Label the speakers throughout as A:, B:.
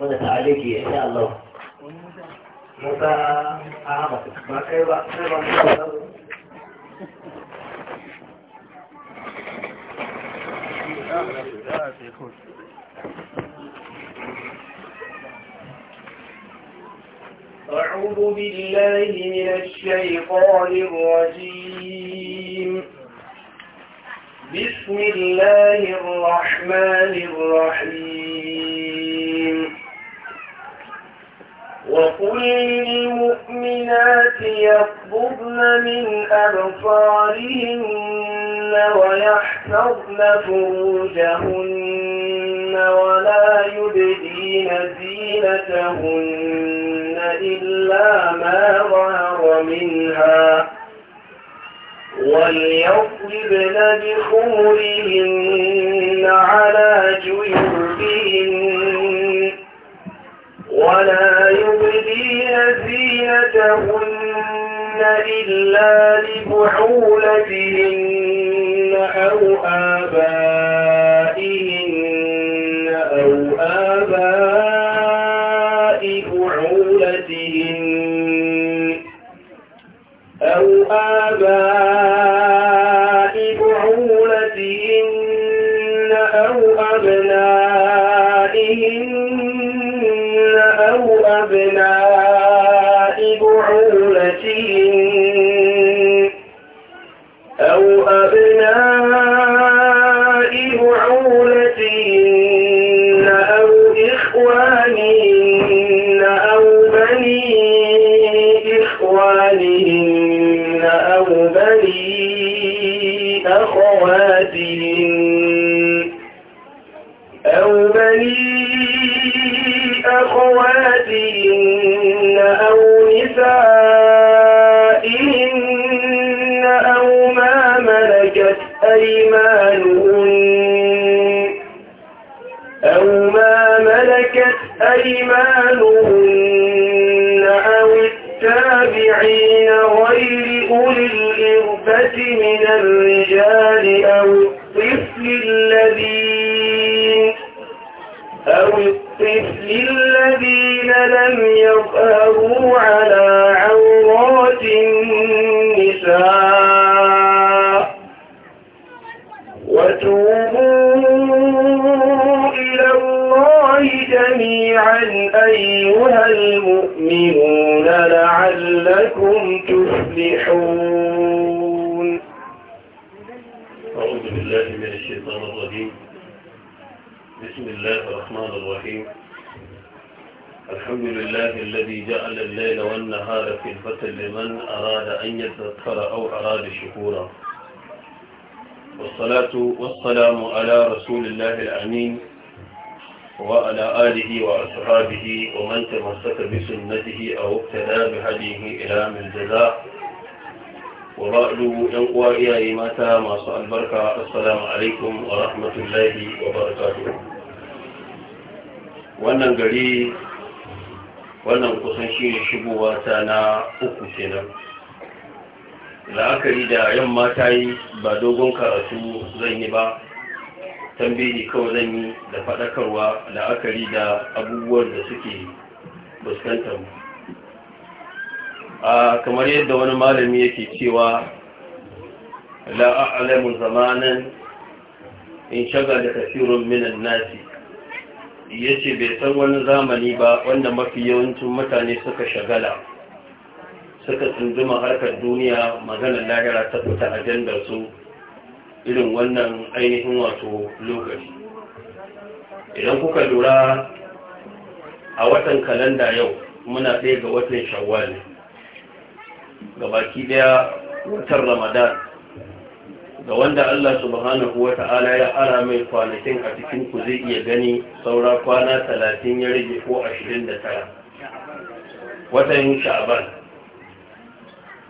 A: mana ta'aliki insha
B: أعوذ بالله من الشيطان الرجيم بسم الله الرحمن الرحيم وقل للمؤمنات يقبضن من أبصارهن ويحفظن فروجهن ولا يبدين زينتهن إلا ما ظهر منها وليطلبن بخمرهن على جيوبهن ولا يبدين زينتهن إلا لبحولتهن أو آبائهن
A: والصلاة والسلام على رسول الله الأمين وعلى آله وأصحابه ومن تمسك بسنته أو اقتدى بهديه إلى من الجزاء وبعد ينقوى إلى متى ما سأل البركة السلام عليكم ورحمة الله وبركاته wannan gari wannan kusan shi ne shigowa ta na uku kenan la'akari da yan mata yi ba dogon karatu zan yi ba tambayi kawai zan yi da faɗakarwa la'akari da abubuwan da suke fuskantar mu a kamar yadda wani malami yake cewa la'alamun zamanin in shaga da kafirun minan nasi ya ce bai san wani zamani ba wanda mafi yawancin mutane suka shagala suka tunzuma harkar duniya maganar lahira ta fita a su irin wannan ainihin wato lokaci idan kuka lura a watan kalanda yau muna ɗaya ga watan Ga gabaki daya watan ramadan
B: ga wanda Allah subhanahu wa ta'ala ya ara mai kwanakin a cikin ku zai iya gani saura kwana talatin ya
A: rage ko ashirin da tara watan sha'aban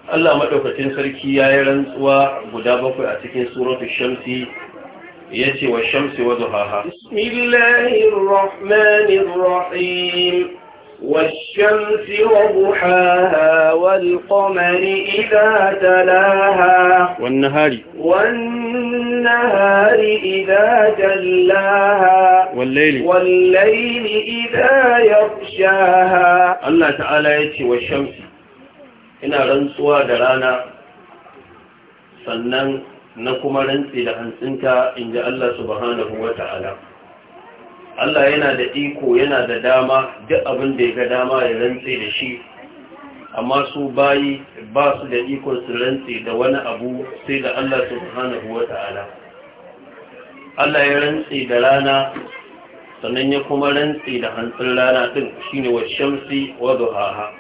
A: Allah maɗaukacin sarki ya yi rantsuwa guda bakwai a cikin suratun shamsi ya ce wa shamsi wa zuhaha.
B: والشمس وضحاها والقمر إذا تلاها والنهار والنهار إذا جلاها والليل والليل إذا يغشاها
A: الله تعالى يتي والشمس ina rantsuwa da rana sannan na kuma rantsi da hantsinka in ji Allah subhanahu wa ta'ala Allah yana da iko yana da dama duk abin da ya ga dama ya rantsi da shi amma su bayi ba su da ikon su rantsi da wani abu sai da Allah subhanahu wa ta'ala Allah ya rantsi da rana sannan ya kuma rantsi da hantsin rana ɗin shine wa shamsi wa duhaha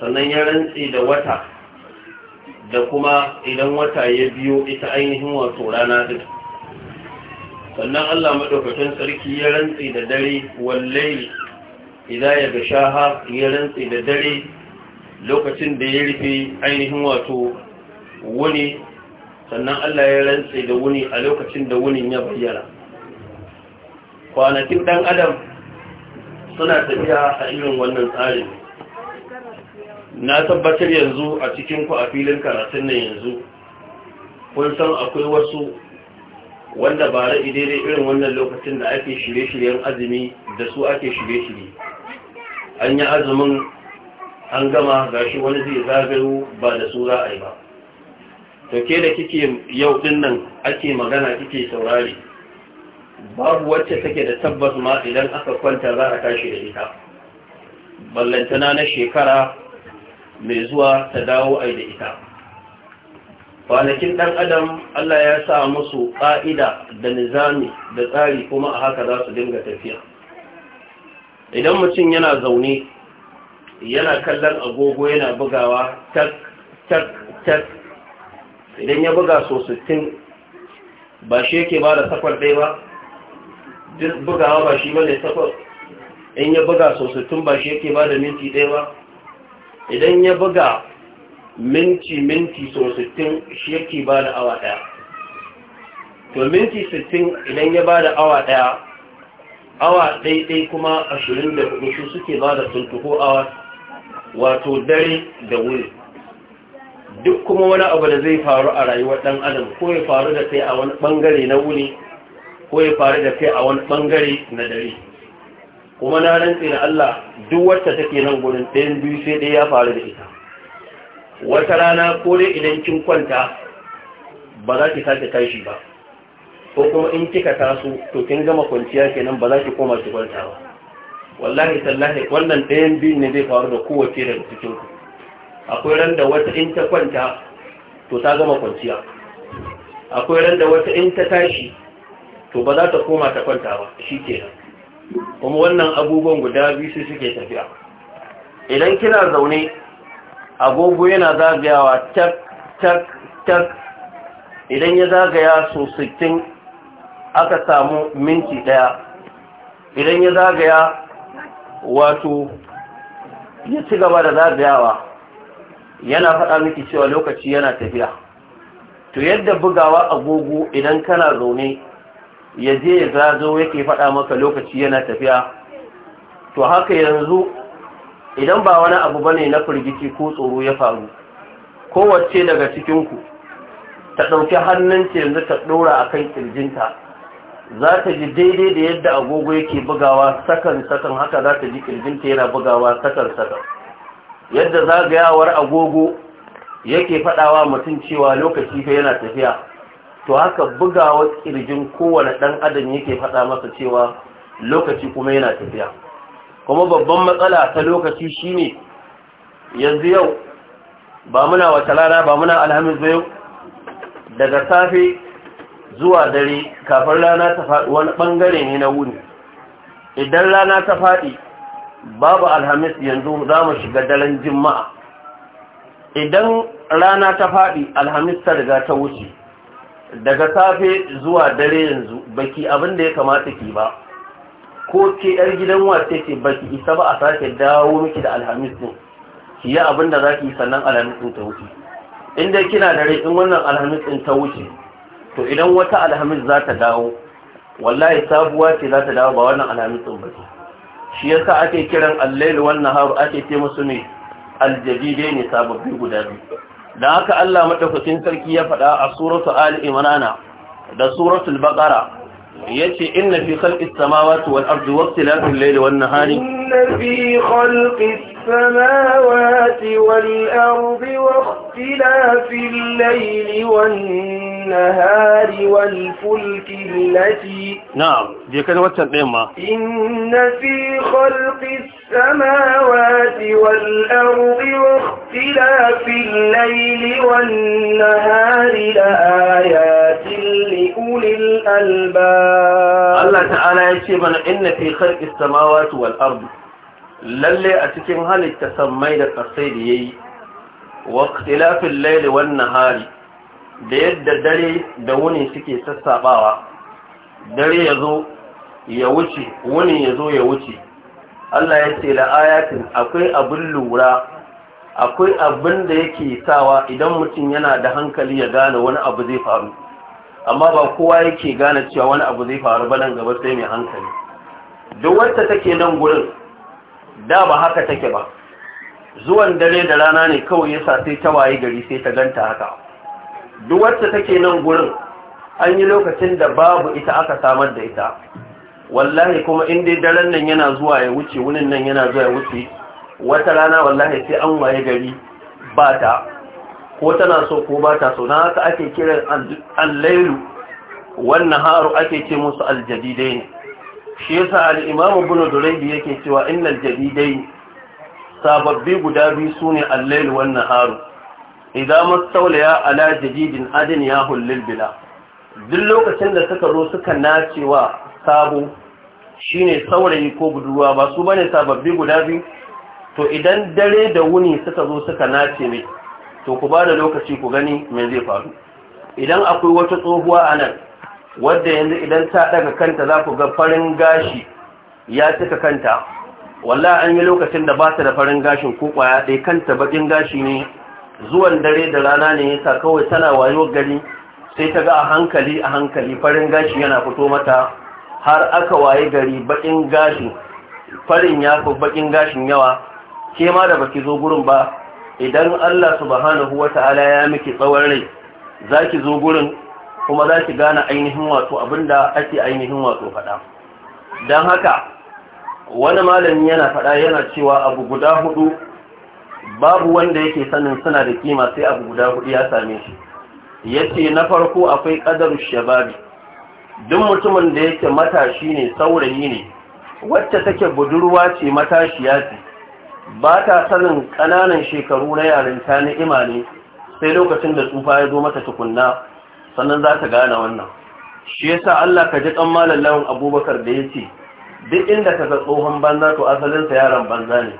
A: sannan ya rantse da wata da kuma idan wata ya biyo ita ainihin wato rana din sannan Allah madaukakin sarki ya rantse da dare wallahi idan ya ga shaha ya rantse da dare lokacin da ya rufe ainihin wato wuni sannan Allah ya rantse da wuni a lokacin da wunin ya bayyana kwanakin ɗan adam suna tafiya a irin wannan tsarin na tabbatar yanzu a cikin ku a filin karatun nan yanzu kun san akwai wasu wanda ba ra'i daidai irin wannan lokacin da ake shirye-shiryen azumi da su ake shirye-shirye an yi azumin an gama gashi wani zai zagayo ba da su za a yi ba to ke da kike yau din nan ake magana kike saurari babu wacce take da tabbas ma idan aka kwanta za a tashi da ita ballantana na shekara mai zuwa ta dawo ai da ita kwanakin ɗan adam Allah ya sa musu ƙa'ida da nizami da tsari kuma a haka za su dinga tafiya idan mutum yana zaune yana kallon agogo yana bugawa tak tak tak idan ya buga so 60 ba shi yake ba da safar ɗaya ba bugawa ba shi bane safar in ya buga so 60 ba shi yake ba da minti ɗaya ba idan ya buga minti-minti so 60 shi yake ba da awa daya to minti 60 idan ya ba da awa daya awa daidai kuma 24 su suke ba da 24 awa wato dare da wuri duk kuma wani abu da zai faru a rayuwar dan adam ko ya faru da kai a wani bangare na wuri ko ya faru da kai a wani bangare na dare kuma na rantse da Allah duk wacce take nan gurin ɗayan biyu sai ɗaya ya faru da ita wata rana ko dai idan kin kwanta ba za ki sake tashi ba ko kuma in kika taso to kin gama kwanciya kenan ba za ki koma ki kwanta ba wallahi sallahi wannan ɗayan biyu ne zai faru da kowace daga cikin ku akwai ran da wata in ta kwanta to ta gama kwanciya akwai ran da wata in ta tashi to ba za ta koma ta kwanta ba shi kenan kuma wannan abubuwan guda biyu su suke tafiya idan kina zaune agogo yana zagayawa tak tak tak idan ya zagaya so 60 aka samu minti daya idan ya zagaya wato ya ci gaba da zagayawa yana faɗa miki cewa lokaci yana tafiya to yadda bugawa agogo idan kana zaune ya je ya zazo yake faɗa maka lokaci yana tafiya to haka yanzu idan ba wani abu bane na firgici ko tsoro ya faru kowace daga cikinku ta ɗauki hannunta yanzu ta ɗora a kan ƙirjinta za ta ji daidai da yadda agogo yake bugawa sakan-sakan haka za ta ji ƙirjinta yana bugawa sakan-sakan yadda zagayawar agogo yake faɗawa mutum cewa lokaci fa yana tafiya to haka bugawa kirjin kowane ɗan adam yake faɗa masa cewa lokaci kuma yana tafiya kuma babban matsala ta lokaci shine yanzu yau ba muna wata rana ba muna alhamis yau daga safe zuwa dare kafin rana ta faɗi wani ɓangare ne na wuni idan rana ta faɗi babu alhamis yanzu za mu shiga daren jima'a idan rana ta faɗi alhamis ta riga ta wuce daga safe zuwa dare yanzu baki abin da ya kamata ki ba ko ke yar gidan wace ce baki isa ba a sake dawo miki da alhamis din ki yi abin da za ki sannan alhamis din ta wuce inda kina dare in wannan alhamis din ta wuce to idan wata alhamis za ta dawo wallahi sabuwa ce za ta dawo ba wannan alhamis din ba shi yasa ake kiran allailu wannan haru ake ce musu ne dai ne sababbi guda biyu da haka Allah madaukakin sarki ya faɗa a suratu Ali Imran da suratul Baqara yace inna fi khalqis samawati wal ardi waqtilafil layli wan nahari
B: inna fi khalqis السماوات والأرض واختلاف الليل والنهار والفلك التي
A: نعم دي كان واتساب ما
B: إن في خلق السماوات والأرض واختلاف الليل والنهار لآيات لأولي الألباب الله تعالى
A: يشيبنا إن في خلق السماوات والأرض lalle a cikin halitta sammai da kasai da yayi wa ikhtilafil laili wannan hari. da yadda dare da wuni suke sassaɓawa. dare ya zo ya wuce wuni ya zo ya wuce Allah ya ce la'ayatin ayatin akwai abin lura akwai abin da yake sawa idan mutum yana da hankali ya gane wani abu zai faru amma ba kowa yake gane cewa wani abu zai faru ba nan gaba sai mai hankali duk wacce take nan gurin da ba haka take ba zuwan dare da rana ne kawai yasa sai ta waye gari sai ta ganta haka duk wacce take nan gurin an yi lokacin da babu ita aka samar da ita wallahi kuma in dai daren nan yana zuwa ya wuce wunin nan yana zuwa ya wuce wata rana wallahi sai an waye gari ba ta ko tana so ko ba ta so na haka ake kiran allailu wannan haru ake ce musu aljadidai ne shi yasa al bin ibn yake cewa innal jadidai sababbi guda biyu sune al wannan wan nahar idan mastawliya ala jadidin adin ya hulil bila duk lokacin da suka zo suka nacewa sabo shine saurayi ko budurwa ba su bane sababbi guda biyu to idan dare da wuni suka zo suka nace mai to ku ba da lokaci ku gani me zai faru idan akwai wata tsohuwa a nan wadda yanzu idan ta daga kanta za ku ga farin gashi ya cika kanta walla an yi lokacin da ba ta da farin gashin ko kwaya ɗaya kanta bakin gashi ne zuwan dare da rana ne yasa kawai tana wayo gari sai ta ga a hankali a hankali farin gashi yana fito mata har aka waye gari bakin gashi farin ya fi bakin gashin yawa ke ma da baki zo gurin ba idan Allah subhanahu Ta'ala ya miki tsawon rai za ki zo gurin kuma za ki gane ainihin wato abinda ake ainihin wato faɗa don haka wani malami yana faɗa yana cewa abu guda hudu babu wanda yake sanin suna da kima sai abu guda hudu ya same shi yace na farko akwai ƙadar shabari. duk mutumin da yake matashi ne saurayi ne wacce take budurwa ce matashiya ce ba ta sanin ƙananan shekaru na yarinta na ne sai lokacin da tsufa ya zo mata tukunna sannan za ta gane wannan shi yasa Allah ka ji kan lawan abubakar da ya ce duk inda ka ga tsohon banza to asalinsa yaron banza ne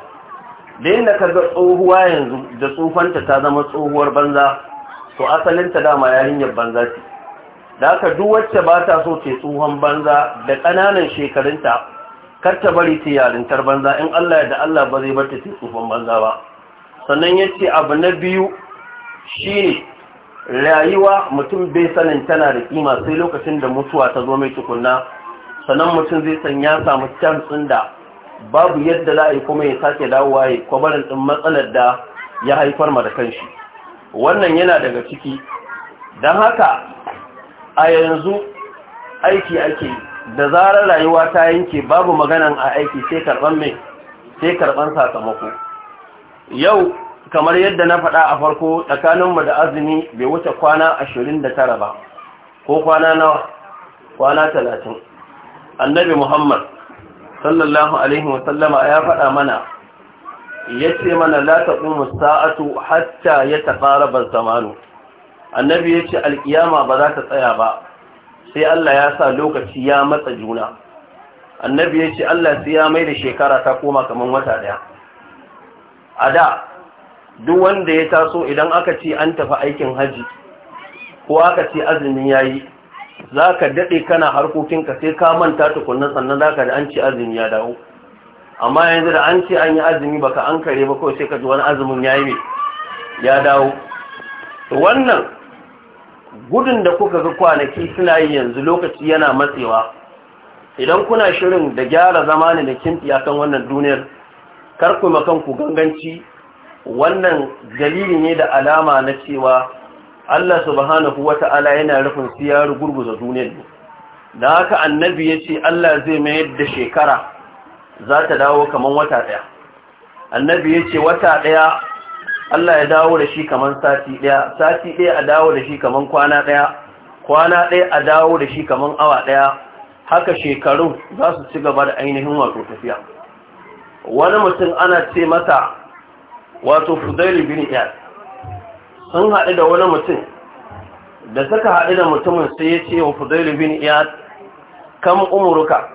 A: da inda ka ga tsohuwa yanzu da tsofanta ta zama tsohuwar banza to asalinta dama yarinyar banza ce da aka duk wacce ba ta so ce tsohon banza da ƙananan shekarunta kar ta bari ta yarintar banza in Allah da Allah ba zai bar ta ce tsohon banza ba sannan ya ce abu na biyu shi ne rayuwa mutum bai sanin tana da kima sai lokacin da mutuwa ta zo mai tukunna sanan mutum zai san ya samu chance da babu yadda za a yi kuma ya sake dawowa ya kwabarin din matsalar da ya haifar ma da kanshi wannan yana daga ciki don haka a yanzu aiki ake da zarar rayuwa ta yanke babu maganan a aiki sai karban mai sai karban sakamako yau kamar yadda na faɗa a farko tsakaninmu da azumi bai wuce kwana ashirin da tara ba ko kwana nawa kwana talatin annabi muhammad sallallahu alaihi wasallama ya faɗa mana ya ce mana ta taɓi sa'atu hatta ya ban zamanu annabi ya ce alƙiyama ba za ta tsaya ba sai allah ya sa lokaci ya matsa juna annabi ya ce allah sai ya mai da shekara ta koma kamar wata ɗaya a da duk wanda ya taso idan aka ce an tafi aikin hajji ko aka ce azumin yayi za ka daɗe kana ka sai ka manta tukunna sannan za ka da an ce azumi ya dawo amma yanzu da an ce an yi azumi baka an kare ba kawai sai ka ji wani azumin ya yi ya dawo wannan gudun da kuka ga kwanaki suna yi yanzu lokaci yana matsewa idan kuna shirin da gyara zama ne da kimfi akan wannan duniyar kar ku makan ganganci wannan dalili ne da alama na cewa Allah subhanahu wata'ala yana rufin siyar gurguza duniyar ne da haka annabi ya ce Allah zai mayar da shekara za ta dawo kamar wata ɗaya annabi ya ce wata ɗaya Allah ya dawo da shi kamar sati ɗaya sati ɗaya a dawo da shi kamar kwana ɗaya kwana ɗaya a dawo da shi kamar awa ɗaya haka shekaru za su ci gaba da ainihin wato tafiya wani mutum ana ce masa wato fudaili bin iyad sun haɗu da wani mutum da suka haɗu da mutumin sai ya ce wa fudaili bin iyad kam umuruka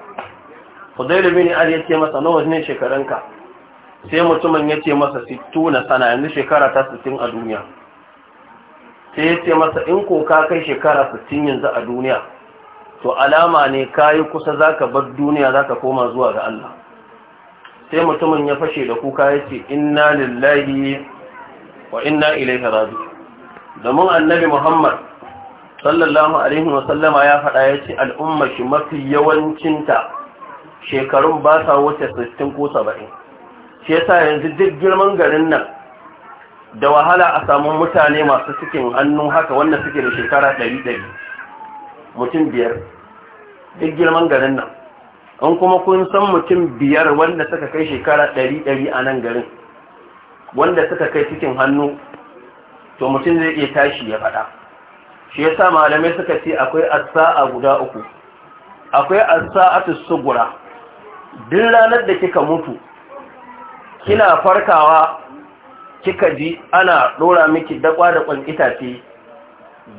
A: fudaili bin iyad ya ce masa nawa ne shekarunka sai mutumin ya ce masa sittu na sana yanzu shekara ta sittin a duniya sai ya ce masa in ko ka kai shekara sittin yanzu a duniya to alama ne yi kusa zaka bar duniya zaka koma zuwa ga Allah sai mutumin ya fashe da kuka ya ce inna lillahi wa inna ilaihi raji domin annabi muhammad sallallahu alaihi wasallama ya faɗa ya ce al'umma shi mafi yawancinta shekarun ba sa wuce 60 ko 70 shi yasa yanzu duk girman garin nan da wahala a samu mutane masu cikin hannu haka wanda suke da shekara 100 mutum biyar duk girman garin nan in kuma kun san mutum biyar wanda suka kai shekara ɗari ɗari a nan garin wanda suka kai cikin hannu to mutum zai iya tashi ya faɗa shi ya sa malamai suka ce akwai asa'a guda uku akwai asa'atu sugura duk ranar da kika mutu kina farkawa kika ji ana ɗora miki dakwa da ƙwan itace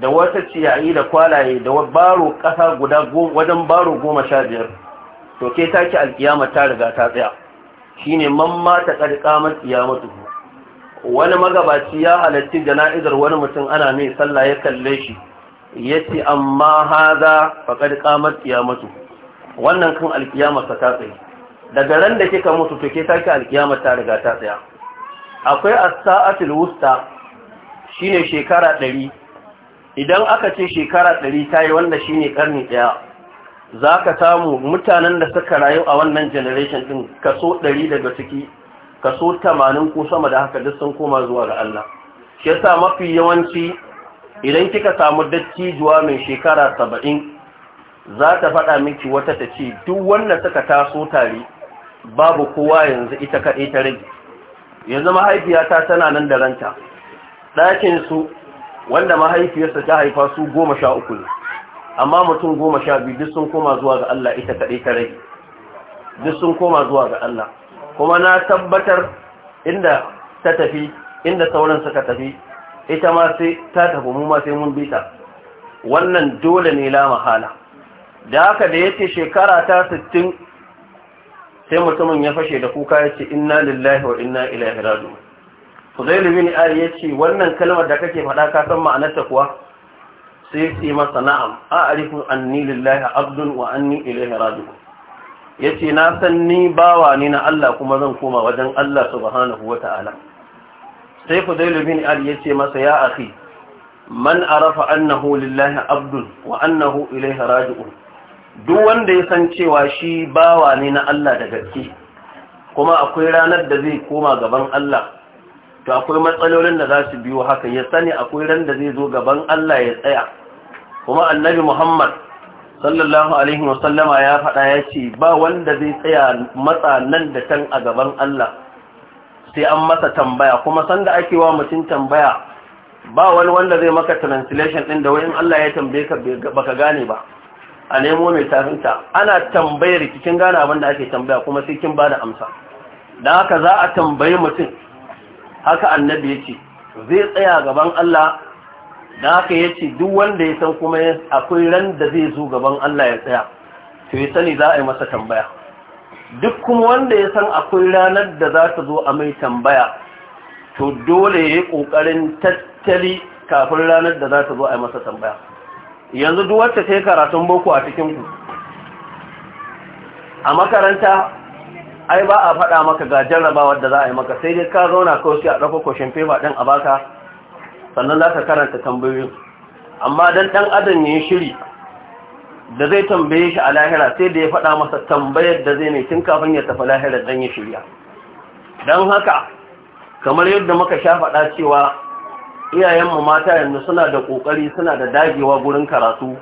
A: da wata ciyayi da kwalaye da baro ƙasa guda wajen baro goma sha biyar to ke ki alkiyama ta riga ta tsaya shine man ta kad qamat qiyamatu wani magabaci ya halatti jana'izar wani mutum ana mai sallah ya kalle shi yace amma haza faqad qamat kiyamatu wannan kan alkiyama ta tsaya daga ran da kika mutu to ke ki alkiyama ta riga ta tsaya akwai as-sa'atul wusta shine shekara 100 idan aka ce shekara 100 tayi wanda shine karni daya za ka samu mutanen da suka rayu a wannan generation din kaso 100 daga ciki kaso tamanin ko sama da haka duk sun koma zuwa ga Allah shi yasa mafi yawanci idan kika samu dattijuwa mai shekara saba'in za ta faɗa miki wata ta ce duk wanda suka taso tare babu kowa yanzu ita kaɗai ta rage yanzu mahaifiyata tana nan da ranta ɗakinsu wanda mahaifiyarsa ta haifa su goma sha uku ne amma mutum goma sha biyu duk sun koma zuwa ga Allah ita kaɗai ta rage duk sun koma zuwa ga Allah kuma na tabbatar inda ta tafi inda sauran suka tafi ita ma sai ta tafi mu ma sai mun bi ta wannan dole ne la mahala da haka da yake shekara ta 60 sai mutumin ya fashe da kuka yace inna lillahi wa inna ilaihi raji'un fudayl bin Ali yace wannan kalmar da kake faɗa ka san ma'anarta kuwa sai ce masa na'am a arifin anni lillahi abdun wa anni ilaihi Ya ce na san ni bawa ne na Allah kuma zan koma wajen Allah subhanahu Ta'ala. sai Fudayl bin Ali ce masa ya akhi man arafa annahu lillahi abdun wa annahu ilaihi duk wanda ya san cewa shi bawa ne na Allah da gaske kuma akwai ranar da zai koma gaban Allah to akwai matsalolin da za su biyo haka ya sani akwai ran da zai zo gaban Allah ya tsaya kuma annabi muhammad sallallahu alaihi wasallama ya faɗa ya ce ba wanda zai tsaya matsa nan da can a gaban Allah sai an masa tambaya kuma sanda ake wa mutum tambaya ba wani wanda zai maka translation ɗin da in Allah ya tambaye ka baka gane ba a nemo mai tafinta ana tambayar kin gane abin da ake tambaya kuma sai kin bada amsa don haka za a tambayi mutum haka annabi ya ce zai tsaya gaban Allah da aka ya ce duk wanda ya san kuma akwai ran da zai zo gaban Allah ya tsaya to ya sani za a yi masa tambaya duk kuma wanda ya san akwai ranar da za ta zo a mai tambaya to dole ya yi ƙoƙarin tattali kafin ranar da za ta zo a yi masa tambaya yanzu duk wacce ta karatun boko a cikinku a makaranta ai ba a faɗa maka ga jarrabawar da za a yi maka sai dai ka zauna kawai a ɗauka kwashin fefa ɗin a baka sannan za ka karanta tambayoyin amma don ɗan adam ya shiri da zai tambaye shi a lahira sai da ya faɗa masa tambayar da zai mai tun kafin ya tafi lahira dan ya shirya don haka kamar yadda muka sha faɗa cewa iyayenmu mata yanzu suna da ƙoƙari suna da dagewa gurin karatu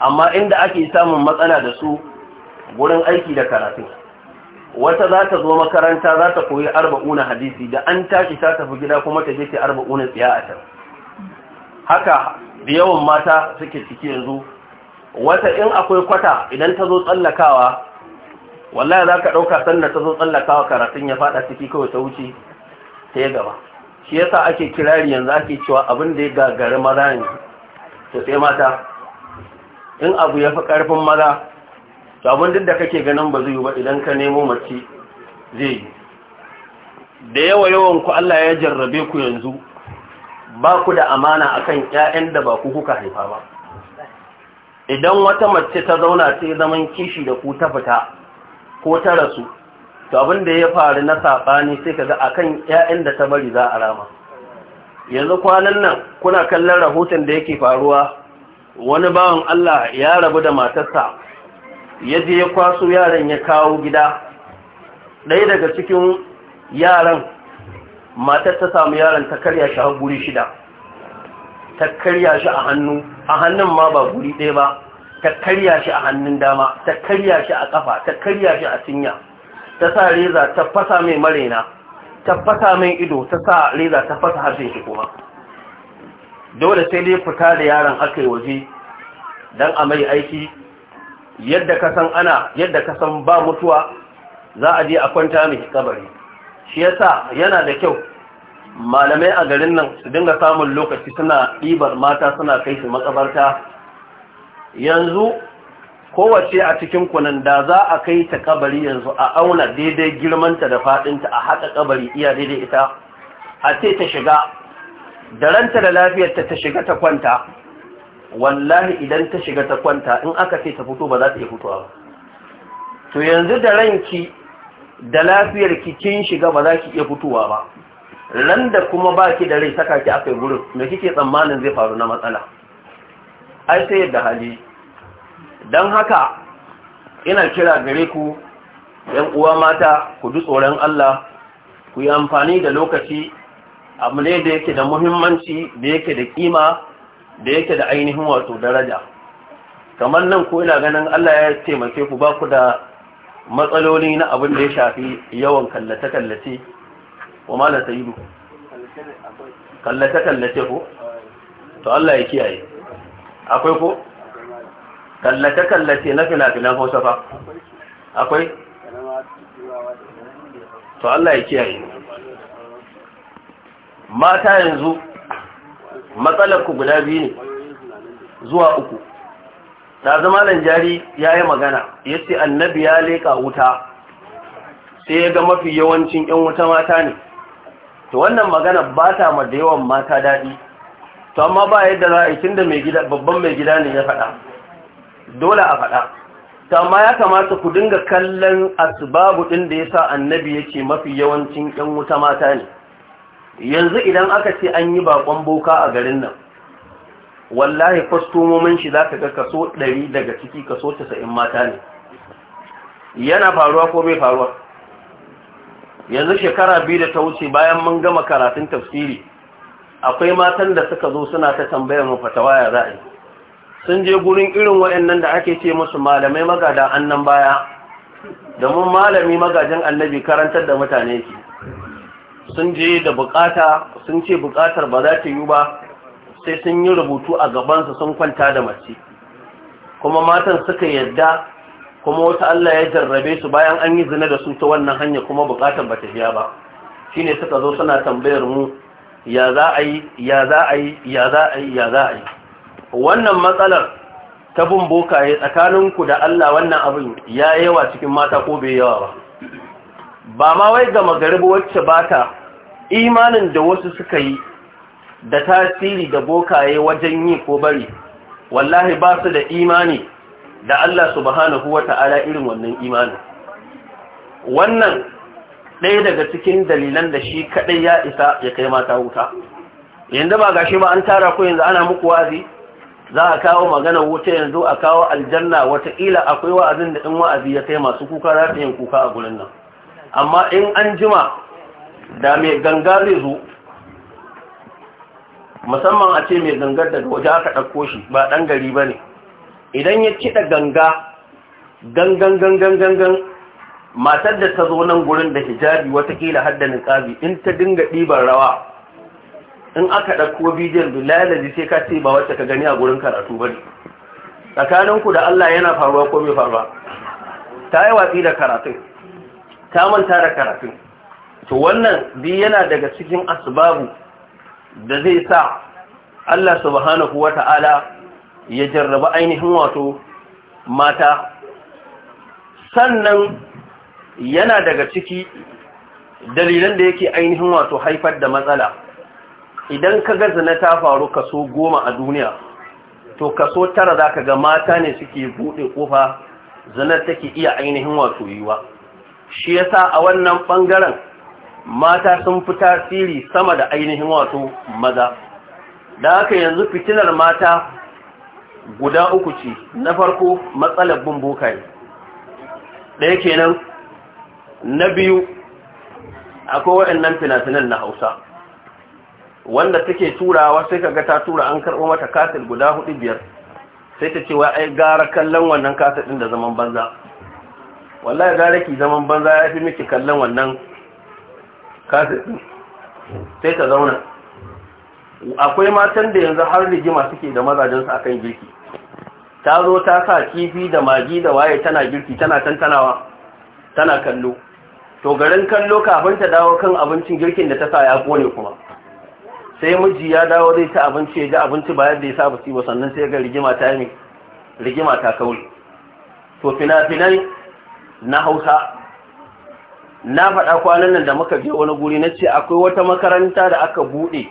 A: amma inda ake samun matsala da su gurin aiki da karatu wata za ta zo makaranta za ta koyi arba'una hadisi da an tashi ta tafi gida kuma ta je ta arba'una tsiya a can haka da yawan mata suke ciki yanzu wata in akwai kwata idan ta zo tsallakawa wallahi za ka ɗauka sanda ta zo tsallakawa karatun ya faɗa ciki kawai ta wuce ta yi gaba shi yasa ake kirari yanzu ake cewa abin da ya gagari maza ne to sai mata in abu ya fi ƙarfin maza to abin duk da kake ganin ba zai yi ba idan ka nemo mace zai yi da yawa yawan ku Allah ya jarrabe ku yanzu ba ku da amana akan ƴaƴan da ba ku kuka haifa ba idan wata mace ta zauna sai zaman kishi da ku ta fita ko ta rasu to abin da ya faru na saɓani sai kaga akan ƴaƴan da ta bari za a rama yanzu kwanan nan kuna kallon rahoton da yake faruwa wani bawan Allah ya rabu da matarsa ya je ya kwaso yaran ya kawo gida ɗaya daga cikin yaran matar ta samu yaran ta karya shi a guri shida ta karya shi a hannu a hannun ma ba guri ɗaya ba ta karya shi a hannun dama ta karya shi a ƙafa ta karya shi a cinya ta sa reza ta fasa mai marena ta fasa mai ido ta sa reza ta fasa harshen shi kuma dole sai dai fita da yaran aka yi waje don a mai aiki yadda ka san ana yadda ka san ba mutuwa za a je a kwanta mai kabari shi yasa yana da kyau malamai a garin nan su dinga samun lokaci suna ɗibar mata suna kai su makabarta yanzu kowace a cikin kunan da za a kai ta kabari yanzu a auna daidai girmanta da faɗinta a haɗa kabari iya daidai ita a ce ta shiga da ranta da lafiyarta ta shiga ta kwanta wallahi idan ta shiga ta kwanta in aka ce ta fito ba za ta iya fito ba to yanzu da ranki da lafiyar ki kin shiga ba za ki iya fitowa ba ran da kuma ba ki da rai saka ki akai gurin me kike tsammanin zai faru na matsala ai sai da hali dan haka ina kira gare ku yan uwa mata ku ji tsoron Allah ku yi amfani da lokaci abu ne da yake da muhimmanci da yake da kima da yake da ainihin wato daraja kamar nan ko ina ganin Allah ya taimake ku ba ku da matsaloli na abin da ya shafi yawan kallace-kallace wa mala sayidu kallace-kallace ko to Allah ya kiyaye akwai ko kallace-kallace na fina-finan hausa fa akwai to Allah ya kiyaye mata yanzu matsalar ku guda biyu ne zuwa uku ta zama jari ya yi magana ya ce annabi ya leka wuta sai ya ga mafi yawancin 'yan wuta mata ne to wannan magana ba ta ma da yawan mata daɗi to amma ba yadda za a yi tun da babban mai gida ne ya faɗa dole a faɗa to amma ya kamata ku dinga kallon asibabu ɗin da ya sa annabi ya ce mafi yawancin 'yan wuta mata ne yanzu idan aka ce an yi bakon boka a garin nan wallahi kwastomomin shi za ka ga kaso ɗari daga ciki kaso 90 mata ne yana faruwa ko bai faruwa yanzu shekara biyu da ta wuce bayan mun gama karatun tafsiri akwai matan da suka zo suna ta tambayar mu fatawa ya za'a sun je gurin irin waɗannan da ake ce musu malamai magada annan baya domin malami magajin annabi karantar da mutane ke sun je da bukata sun ce bukatar ba za ta yi ba sai sun yi rubutu a gabansa sun kwanta da mace kuma matan suka yadda kuma wata Allah ya jarrabe su bayan an yi zina da su ta wannan hanya kuma bukatar ba ta biya ba Shi ne suka zo suna tambayar mu ya za a yi ya za a yi ya za a yi ya za a yi wannan matsalar ta bin bokaye tsakaninku da Allah wannan abin ya yawa cikin mata ko bai yawa ba ba ma wai ga magariba wacce ba ta imanin da wasu suka yi da tasiri da bokaye wajen yi ko bari wallahi ba su da imani da Allah subhanahu wa ta'ala irin wannan imanin wannan ɗaya daga cikin dalilan da shi kaɗai ya isa ya kai mata wuta yanzu ba gashi ba an tara ko yanzu ana muku wazi za a kawo magana wuta yanzu a kawo aljanna wataƙila akwai wa'azin da in wa'azi ya kai masu kuka za yin kuka a gurin nan amma in an jima da mai ganga zai zo musamman a ce mai gangar da waje aka ɗauko shi ba ɗan gari ba ne idan ya kiɗa ganga gangan gangan gangan matar da ta zo nan gurin da hijabi watakila hadda niqabi in ta dinga ɗiban rawa in aka ɗauko bidiyon bilalaji sai ka ce ba wacce ka gani a gurin karatu ba ne tsakaninku da Allah yana faruwa ko mai faruwa ta yi watsi da karatun ta manta da karatun to wannan bi yana daga cikin asbabu da zai sa Allah subhanahu wata'ala ya jarraba ainihin wato mata sannan yana daga ciki dalilan da yake ainihin wato haifar da matsala idan ka ga zina ta faru kaso goma a duniya to kaso tara za ka ga mata ne suke buɗe ƙofa zina take iya ainihin wato yiwa shi ya sa a wannan ɓangaren, mata sun fi tasiri sama da ainihin wato maza da haka yanzu fitilar mata guda uku ce na farko matsalar bin bokaye ɗaya kenan na biyu akwai waɗannan finafinan na hausa wanda take turawa sai kaga ta tura an karɓo mata katil guda hudu biyar sai ta ce wa ai gara kallon wannan katil ɗin da zaman banza wallahi gara ki zaman banza ya fi miki kallon wannan kasirin sai ka zauna akwai matan da yanzu har rigima suke da mazajensu akan girki ta zo ta sa kifi da magi da waye tana girki tana tantanawa tana kallo to garin kallo kafin ta dawo kan abincin girkin da ta sa ya kone kuma sai miji ya dawo zai ci abinci ya ji abinci bayan da ya saba basi ba sannan sai ga rigima ta yi rigima ta to fina-finai na hausa na faɗa kwanan nan da muka je wani guri na ce akwai wata makaranta da aka buɗe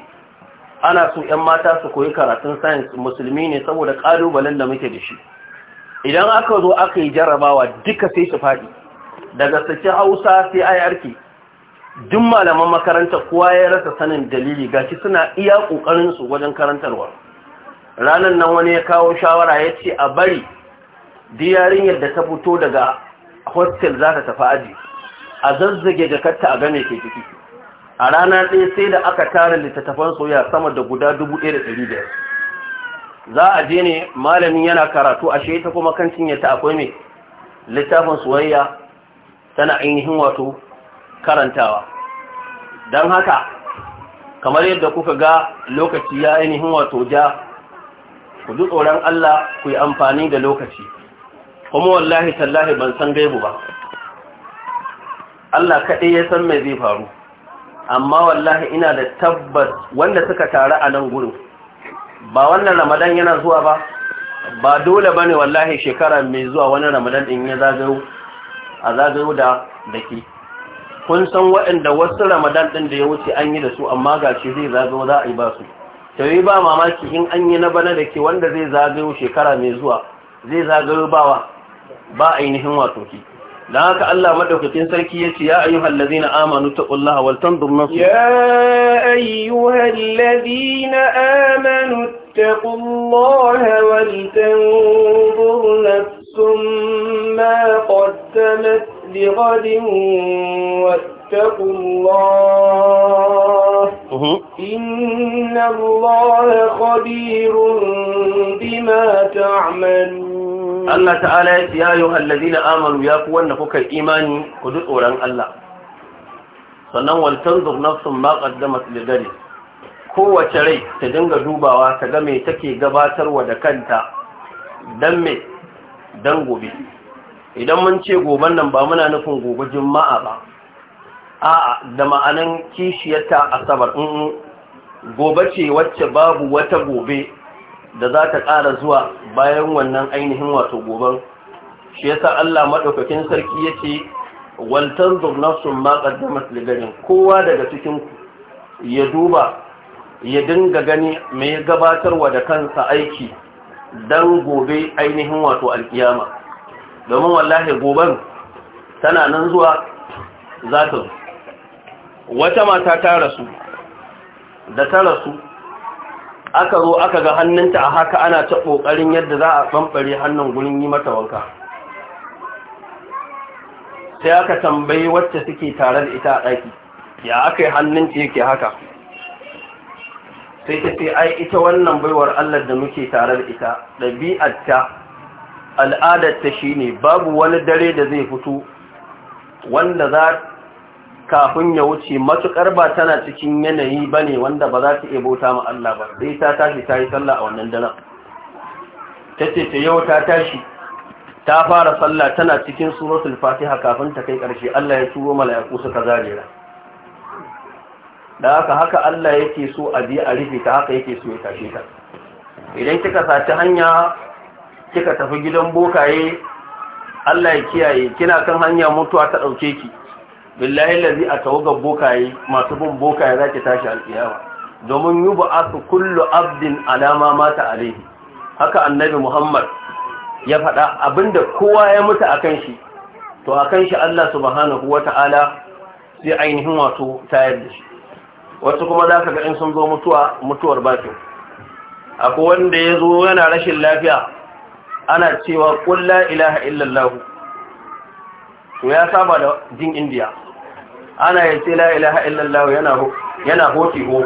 A: ana so 'yan mata su koyi karatun science musulmi ne saboda ƙalubalen da muke da shi idan aka zo aka yi jarabawa duka sai su faɗi daga saki hausa sai a arki. duk malaman makaranta kowa ya rasa sanin dalili gashi suna iya ƙoƙarinsu wajen karantarwa ranar nan wani ya kawo shawara ya ce a bari diyarin yadda ta fito daga hostel za ta tafi aji a zazzage jakarta a game ke ciki a rana ɗaya sai da aka tara littattafan soya sama da guda da biyar. za a je ne malamin yana karatu a shi ta kuma kan cinye ta akwai mai littafin soyayya tana ainihin wato karantawa don haka kamar yadda kuka ga lokaci ya ainihin wato ja ku ji tsoron Allah ku yi amfani da lokaci kuma wallahi tallahi ban san gaibu ba Allah kaɗai ya san mai zai faru amma wallahi ina da tabbas wanda suka taru a nan gurin ba wannan ramadan yana zuwa ba ba dole ba ne wallahi shekara mai zuwa wani ramadan ɗin ya zagayo a zagayo da dake kun san waɗanda wasu ramadan ɗin da ya wuce an yi da su amma ga shi zai zagayo za a yi ba su tawi ba mamaki in an yi na bana da ke wanda zai zagayo shekara mai zuwa zai zagayo bawa ba ainihin wato ki dan haka Allah madaukakin sarki yace ya ayyuhal ladina amanu taqullaha wal tanzur nafs
B: ya ayyuhal ladina amanu taqullaha wal tanzur nafs ma qaddamat lighadin واتقوا الله إن الله خبير بما تعملون Allah
A: ta'ala ya ya yi na amaru ya fi wanda kuka imani ku ji tsoron Allah sannan waltan sun makar da lidare kowace rai ta dinga dubawa ta ga take gabatarwa da kanta don me don gobe idan mun ce goben nan ba muna nufin gobe juma'a ba a'a da ma'anan kishiyarta asabar in gobe ce wacce babu wata gobe da za ta ƙara zuwa bayan wannan ainihin wato goban shi ya sa Allah maɗaukakin sarki ya ce waltar sun maƙar da ligarin kowa daga cikin ya duba ya dinga gani mai gabatarwa da kansa aiki don gobe ainihin wato alkiyama domin wallahi goban tana nan zuwa za ta wata mata ta rasu da ta rasu aka zo aka ga hannunta a haka ana ta ƙoƙarin yadda za a ɓamɓare hannun gurin yi mata wanka sai aka tambayi wacce suke tare da ita a ɗaki ya aka yi hannunta yake haka sai ta ce ai ita wannan baiwar Allah da muke tare da ita ɗabi'arta al'adarta shi ne babu wani dare da zai fito wanda za kafin ya wuce matukar ba tana cikin yanayi ba ne wanda ba za ta iya bauta ma Allah ba sai ta tashi ta yi sallah a wannan daren ta ce ta yau ta tashi ta fara sallah tana cikin suratul fatiha kafin ta kai ƙarshe Allah ya turo mala'iku suka zajira da haka haka Allah yake so a je a rufe ta haka yake so ya tashi ta idan kika saci hanya kika tafi gidan bokaye Allah ya kiyaye kina kan hanya mutuwa ta ɗauke ki billahi lazi a tawagar bokaye masu bin bokaye za ki tashi alƙiyama domin yi ba kullu abdin alama mata alaihi haka annabi muhammad ya faɗa abinda kowa ya mutu a kan shi to a kan shi allah subhanahu wa ta'ala sai ainihin wato tayar da shi wasu kuma za ka ga in sun zo mutuwa mutuwar bakin akwai wanda ya zo yana rashin lafiya ana cewa ƙulla ilaha illallahu to ya saba da jin indiya ana ya ce la ilaha illallah yana yana hoti ho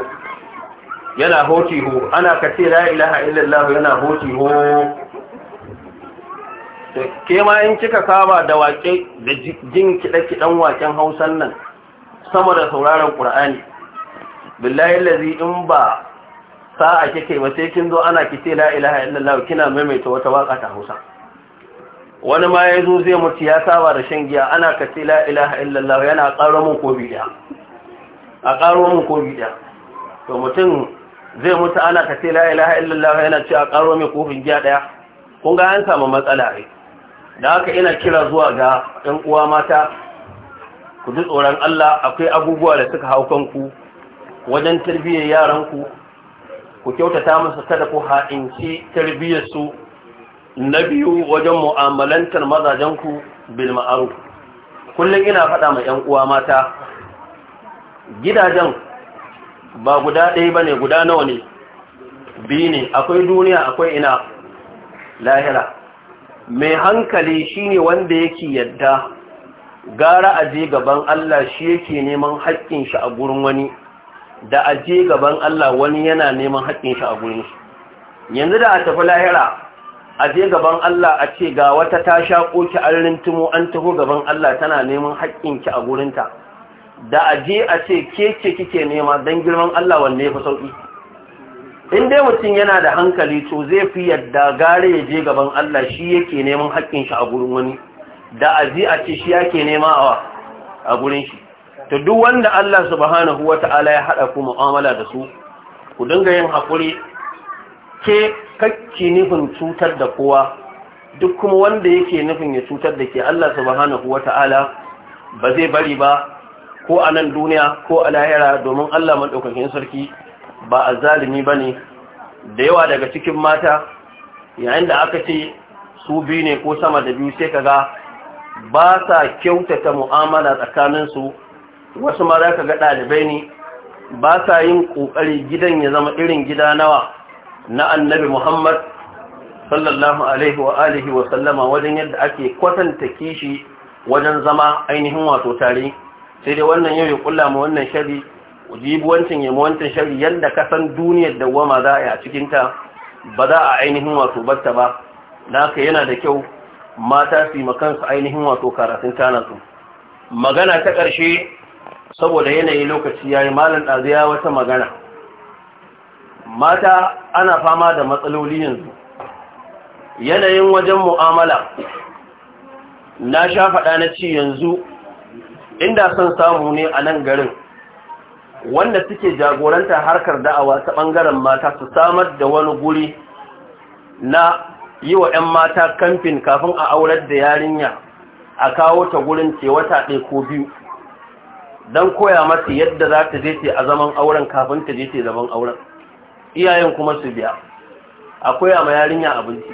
A: yana hoti ho ana ka ce la ilaha illallah yana hoti ho ke ma in kika saba da wake da jin kiɗe-kiɗen waken hausan nan sama da sauraron ƙura'ani billahi lazi in ba sa'a kike ba sai kin zo ana kice la ilaha illallah kina maimaita wata waka ta hausa wani ma ya zo zai mutu ya saba da shan giya ana ka ce la ilaha illallah yana karo mun ko biya a karo mun ko biya to mutum zai mutu ana ka ce la ilaha illallah yana ci a karo mai kofin giya ɗaya kun ga an samu matsala ne da haka ina kira zuwa ga ɗan uwa mata ku ji tsoron Allah akwai abubuwa da suka hau kanku wajen tarbiyyar yaranku ku kyautata musu kada ku ha'inci su. na biyu wajen mu'amalantar mazajenku bil ma'aru kullum ina faɗa ma 'yan uwa mata gidajen ba guda ɗaya ba ne guda nawa ne biyu ne akwai duniya akwai ina lahira mai hankali shine wanda yake yadda gara aje gaban Allah shi yake neman haƙƙin shi a gurin wani da aje gaban Allah wani yana neman haƙƙin shi a gurin shi yanzu da a tafi lahira a je gaban Allah a ce ga wata ta sha ki an rintumo an taho gaban Allah tana neman haƙƙinki a gurinta da a je a ce ke ce kike nema don girman Allah wanne fi sauƙi in dai mutum yana da hankali to zai fi yadda gare ya je gaban Allah shi yake neman haƙƙin a gurin wani da a je a ce shi yake nema a gurin shi to duk wanda Allah subhanahu wata'ala ya haɗa ku mu'amala da su ku dinga yin haƙuri ke kakki nufin cutar da kowa duk kuma wanda yake nufin ya cutar da ke Allah subhanahu wata'ala ba zai bari ba ko a nan duniya ko a lahira domin Allah maɗaukakin sarki ba a zalimi ba ne da yawa daga cikin mata yayin da aka ce su biyu ne ko sama da biyu sai kaga ba sa kyautata mu'amala tsakaninsu wasu ma za ka ga ɗalibai ne ba sa yin ƙoƙari gidan ya zama irin gida nawa na annabi Muhammad sallallahu alaihi wa alihi wa sallama wajen yadda ake kwatanta kishi wajen zama ainihin wato tare sai dai wannan yau ya kulla mu wannan shari jibuwancin ya wancan shari yadda ka san duniyar da wama za a yi a cikin ta ba za a ainihin wato batta ba naka yana da kyau mata su yi kansu ainihin wato karatun tanasu magana ta ƙarshe saboda yanayi lokaci ya yayi malam ɗaziya wata magana mata ana fama da matsaloli yanzu yanayin wajen mu'amala na sha faɗa na ci yanzu inda son samu ne a nan garin wanda suke jagoranta harkar da'awa ta ɓangaren mata su samar da wani guri na yi wa 'yan mata kamfin kafin a aurar da yarinya a kawo ta gurin ce wata ɗaya ko biyu don koya mata yadda za ta je ce a zaman auren kafin ta je ce zaman auren iyayen kuma su biya akwai a yarinya abinci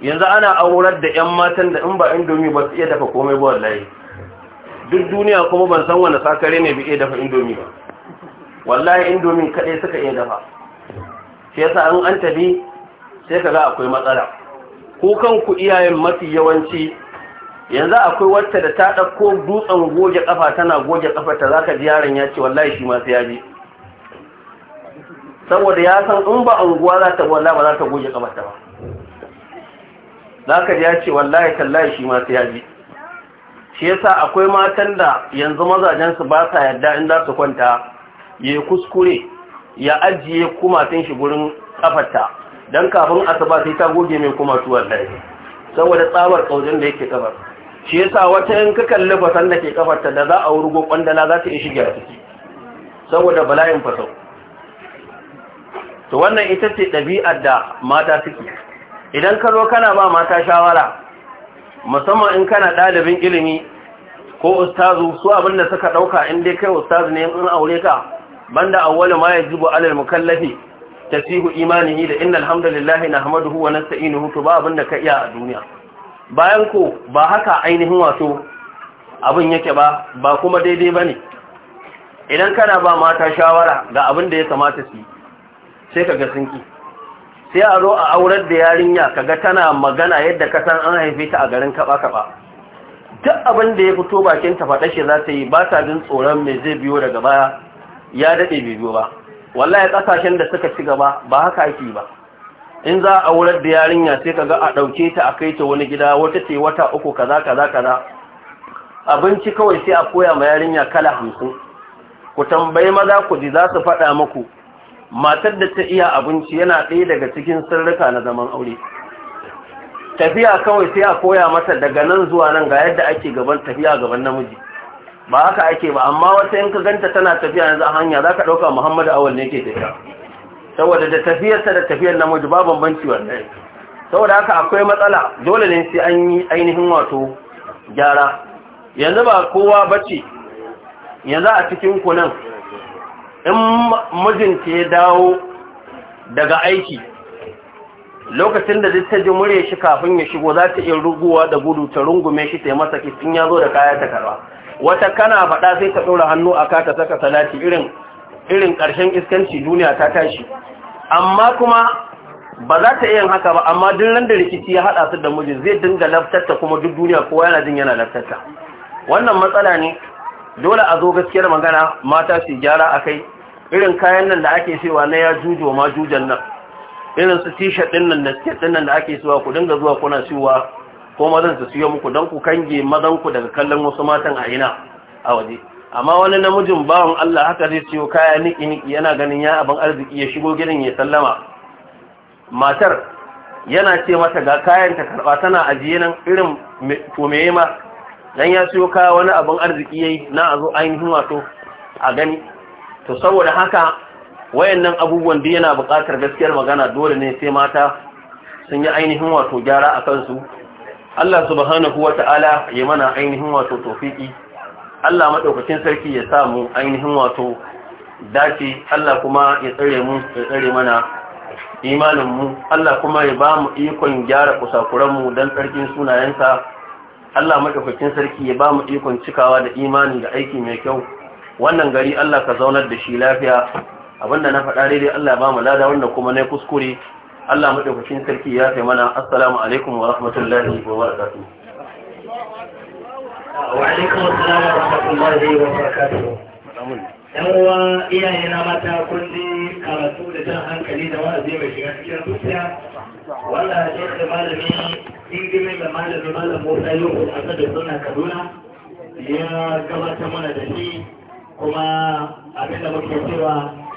A: yanzu ana aurar da 'yan matan da in ba indomi ba su iya dafa komai ba wallahi duk duniya kuma ban san wani sakare ne bi iya dafa indomi ba wallahi indomin kaɗai suka iya dafa shi yasa an an tafi sai ka ga akwai matsala ku kanku iyayen mafi yawanci yanzu akwai wata da ta ɗauko dutsen goge ƙafa tana goge ta, za ka ji yaron ya ce wallahi shi ma sai ya ji saboda ya san in ba unguwa za ta wallahi ba za ta goge kamarta ba za ka ji ya ce wallahi tallahi shi ma sai ya ji shi yasa akwai matan da yanzu mazajensu ba sa yadda in za su kwanta ya kuskure ya ajiye kumatun shi gurin kafarta don kafin asuba sai ta goge mai kumatu wallahi saboda tsabar kaujin da yake kafar shi yasa wata in ka kalli fasan da ke kafarta da za a wurgo kwandala za ta yi shige a ciki saboda bala'in fasau to wannan ita ce ɗabi'ar da mata suke idan ka zo kana ba mata shawara musamman in kana ɗalibin ilimi ko ustazu su abin da suka ɗauka in dai kai ustazu ne in aure ka banda awwala ma yajibu alal mukallafi tasihu imanihi da innal hamdalillahi nahmaduhu wa nasta'inuhu to ba abin da ka iya a duniya bayan ko ba haka ainihin wato abin yake ba ba kuma daidai bane idan kana ba mata shawara ga abin da ya kamata su yi sai ka ga sun ki sai a zo a aurar da yarinya kaga tana magana yadda ka san an haife ta a garin kaba kaba duk abin da ya fito bakin ta faɗa shi za ta yi ba ta jin tsoron me zai biyo daga baya ya daɗe bai biyo ba wallahi kasashen da suka ci gaba ba haka ake ba in za a aurar da yarinya sai ka ga a ɗauke ta a kai ta wani gida wata ce wata uku kaza kaza kaza abinci kawai sai a koya ma yarinya kala hamsin ku tambayi maza ku ji za su faɗa muku matar da ta iya abinci yana ɗaya daga cikin sirrika na zaman aure tafiya kawai sai a koya masa daga nan zuwa nan ga yadda ake gaban tafiya gaban namiji ba haka ake ba amma wata in ka ganta tana tafiya yanzu a hanya za ka ɗauka muhammadu awal ne ke tafiya saboda da tafiyarsa da tafiyar namiji ba bambanci wannan saboda haka akwai matsala dole ne sai an yi ainihin wato gyara yanzu ba kowa bace yanzu a cikin ku nan in mijinta ya dawo daga aiki lokacin da duk ta ji murya shi kafin ya shigo za ta iya ruguwa da gudu ta rungume shi ta yi masa kisin ya zo da kaya ta karba wata kana faɗa sai ta ɗora hannu a ka ta saka salati irin irin ƙarshen iskanci duniya ta tashi amma kuma ba za ta yin haka ba amma duk ran da rikici ya haɗa su da mijin zai dinga laftarta kuma duk duniya kowa yana jin yana laftarta wannan matsala ne dole a zo gaskiyar magana mata su gyara a kai irin kayan nan da ake cewa na ya jujo wa majujan nan irin su t-shirt nan da skirt ɗin nan da ake cewa ku dinga zuwa kuna cewa ko mazan su siyo muku don ku kange mazan ku daga kallon wasu matan a ina a waje amma wani namijin bawan Allah haka zai siyo kaya niki niki yana ganin ya abin arziki ya shigo gidan ya sallama matar yana ce mata ga kayan ta karba tana ajiye nan irin to me ma dan ya siyo kaya wani abin arziki yayi na a zo ainihin wato a gani to saboda haka wayannan abubuwan da yana buƙatar gaskiyar magana dole ne sai mata sun yi ainihin wato gyara a kansu Allah subhanahu wata'ala ya mana ainihin wato tofiki Allah madaukakin sarki ya sa mu ainihin wato dace Allah kuma ya tsare mu ya tsare mana imanin mu Allah kuma ya ba mu ikon gyara kusakuran mu dan sarkin sunayensa Allah madaukakin sarki ya ba mu ikon cikawa da imani da aiki mai kyau wannan gari Allah ka zaunar da shi lafiya abinda na faɗa daidai Allah ya ba mu lada wanda kuma ne kuskure Allah madaukakin sarki ya fi mana assalamu alaikum wa rahmatullahi wa barakatuh
B: wa alaikum assalamu wa rahmatullahi wa barakatuh yan uwa iyaye na mata kun karatu da jan hankali da wa'azi
A: mai shiga cikin zuciya Wala hadisi da malami ingimin da malami malam motsa yau a
B: da suna kaduna ya gabatar mana da shi kuma abinda muke cewa